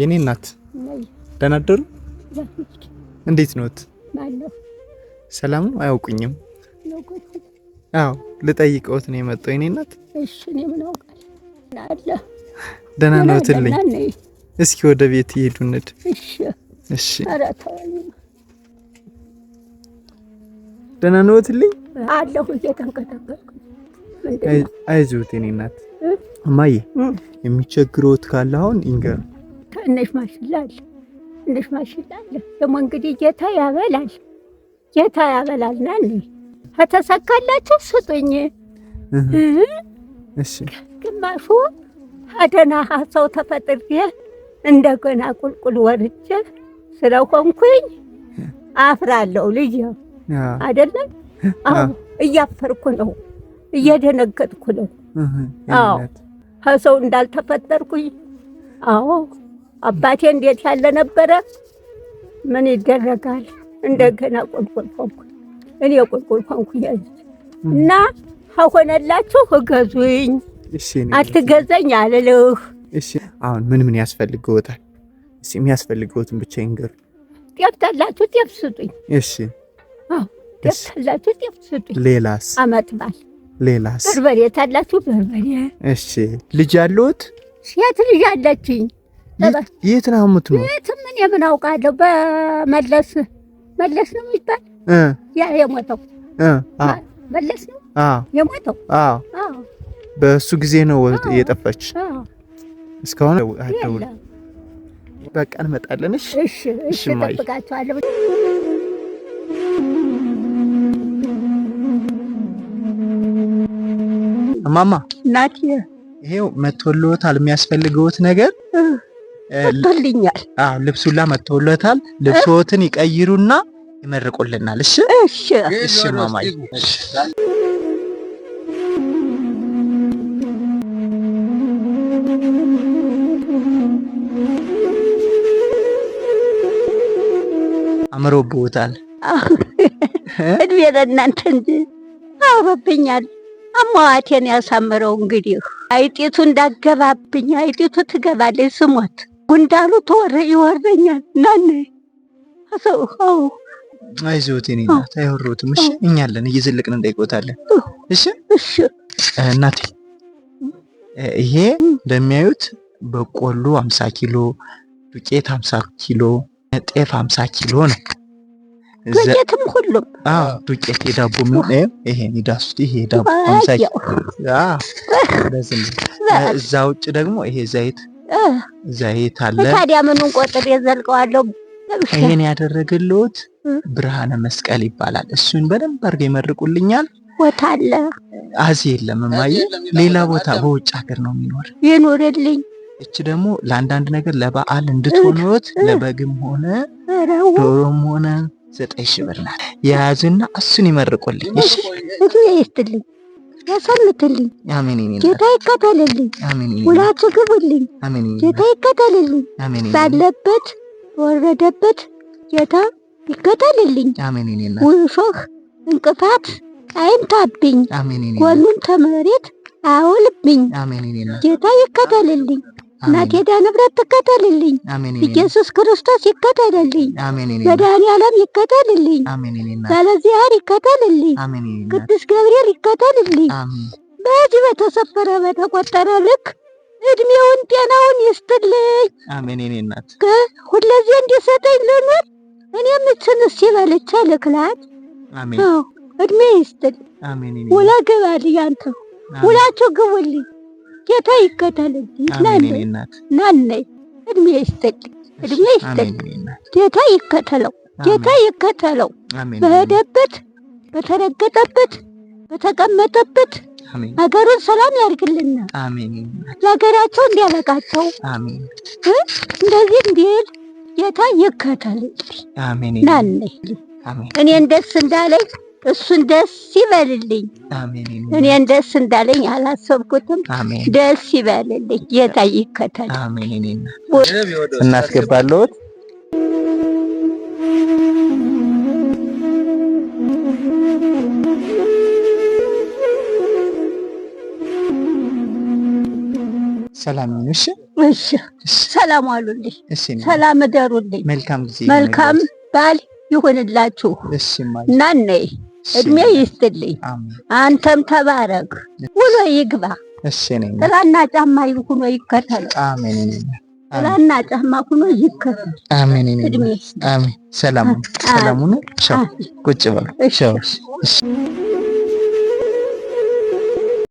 የኔ እናት ደህና አደሩ? እንዴት ነውት ሰላም ነው? አያውቁኝም? አዎ ልጠይቀውት ነው የመጣው የኔ እናት። እኔ ደህና ነዎትልኝ? እስኪ ወደ ቤት ይሄዱ እንሂድ። እሺ ደህና ነዎትልኝ? አለሁ እየተንቀጠቀጥኩ። አይዞት የኔ እናት። እማዬ የሚቸግረውት ካለ አሁን ይንገሩ ትንሽ ማሽላ አለ፣ ትንሽ ማሽላ አለ። ደግሞ እንግዲህ ጌታ ያበላል፣ ጌታ ያበላል። ና ከተሳካላችሁ ስጡኝ። ግማሹ አደና ሰው ተፈጥሬ እንደገና ቁልቁል ወርጄ ስለሆንኩኝ አፍራለሁ። ልጅ አይደለም እያፈርኩ ነው፣ እየደነገጥኩ ነው። አዎ ከሰው እንዳልተፈጠርኩኝ አዎ አባቴ እንዴት ያለ ነበረ። ምን ይደረጋል? እንደገና ቁልቁል ሆንኩ እኔ ቁልቁል ሆንኩ እና ከሆነላችሁ እገዙኝ፣ አትገዘኝ አልልህ። አሁን ምን ምን ያስፈልግዎታል? እሺ የሚያስፈልግዎትን ብቻ ይንገሩ። ጤፍ ታላችሁ ጤፍ ስጡኝ። እሺ አዎ ጤፍ ታላችሁ ስጡኝ። ሌላስ? አመት በዓል ሌላስ? በርበሬ ታላችሁ በርበሬ። እሺ ልጅ አለዎት? ሴት ልጅ አለችኝ። የት ነው የምትኖር? የት ምን የምን አውቃለሁ። በመለስ መለስ ነው የሚባል ያ የሞተው መለስ ነው የሞተው። በእሱ ጊዜ ነው የጠፋች። እስካሁን አደውልም። በቃ እንመጣለን። እሺ፣ እሺ፣ እሺ። እጠብቃቸዋለሁ። እማማ ናት። ይሄው መቶልዎታል። የሚያስፈልገዎት ነገር መጥቶልኛል። ልብሱላ መጥቶለታል። ልብሶትን ይቀይሩና ይመርቁልናል። እሺ እሺ እሺ ማማይ አምሮብዎታል። እድሜ ለእናንተ እንጂ አምሮብኛል። አሟዋቴን ያሳምረው እንግዲህ አይጢቱ እንዳገባብኝ አይጢቱ ትገባለች ስሞት ጉንዳሉ ተወረ ይወርደኛል። ናነ አሰው አው አይዞት የኔ እናት አይወሩትም። እሺ እኛ አለን እየዘለቅን እሺ እሺ እናቴ ይሄ እንደሚያዩት በቆሎ 50 ኪሎ፣ ዱቄት 50 ኪሎ፣ ጤፍ 50 ኪሎ ነው። ዱቄትም ሁሉም ዱቄት የዳቦ ምን ይዳሱት ይሄ ዳቦ 50 ኪሎ። እዛ ውጭ ደግሞ ይሄ ዘይት ዘይት አለ። ታዲያ ምኑን ቆጥሬ ዘልቀዋለሁ? ይሄን ያደረግልዎት ብርሃነ መስቀል ይባላል። እሱን በደንብ አድርገው ይመርቁልኛል። ቦታ አለ አዚ የለም። እማዬ ሌላ ቦታ በውጭ ሀገር ነው የሚኖር። ይኖርልኝ። እች ደግሞ ለአንዳንድ ነገር ለበዓል እንድትሆኖት ለበግም ሆነ ዶሮም ሆነ ዘጠኝ ሺህ ብር ናት። የያዙና እሱን ይመርቁልኝ። እሺ፣ እግዜር ያሳልፍልኝ። ጌታ ይከተልልኝ። ውላች ግብልኝ። ጌታ ይከተልልኝ። ባለበት ወረደበት ጌታ ይከተልልኝ። ውሾህ እንቅፋት አይምታብኝ። ጎኑን ተመሬት አውልብኝ። ጌታ ይከተልልኝ። እናቴ ዕዳ ንብረት ትከተልልኝ። ኢየሱስ ክርስቶስ ይከተልልኝ። መድኃኔዓለም ይከተልልኝ። ባለዚያር ይከተልልኝ። ቅዱስ ገብርኤል ይከተልልኝ። በዚህ በተሰፈረ በተቆጠረ ልክ እድሜውን ጤናውን ይስጥልኝ። አሜን። እኔ እናት ሁለዚህ እንዲሰጠኝ ልኑር። እኔ ምትንስ ይበልቻ ልክላት። አሜን። እድሜ ይስጥል። አሜን። ውላ ያንተ አንተው ውላችሁ ግቡልኝ። ጌታ ይከተል ናነይ እድሜ ይስጥልኝ፣ እድሜ ይስጥልኝ። ጌታ ይከተለው፣ ጌታ ይከተለው። በሄደበት በተረገጠበት በተቀመጠበት ሀገሩን ሰላም ያድርግልና ለሀገራቸው እንዲያበቃቸው እንደዚህ እንዲል ጌታ ይከተል ናነይ እኔን ደስ እንዳለኝ እሱን ደስ ይበልልኝ። እኔን ደስ እንዳለኝ አላሰብኩትም። ደስ ይበልልኝ። ጌታ ይከተል። እናስገባለሁት ሰላም ይሁን። እሺ፣ እሺ፣ ሰላም ዋሉልኝ። ሰላም እደሩልኝ። መልካም ጊዜ፣ መልካም ባል ይሁንላችሁ እሺ፣ ማለት እና ነይ እድሜ ይስጥልኝ። አንተም ተባረክ፣ ውሎ ይግባ። ጥላና ጫማ ሁኖ ይከተል። ጥላና ጫማ ሁኖ ይከተል። ሰላሙ ሰላሙን ቁጭ በሉ።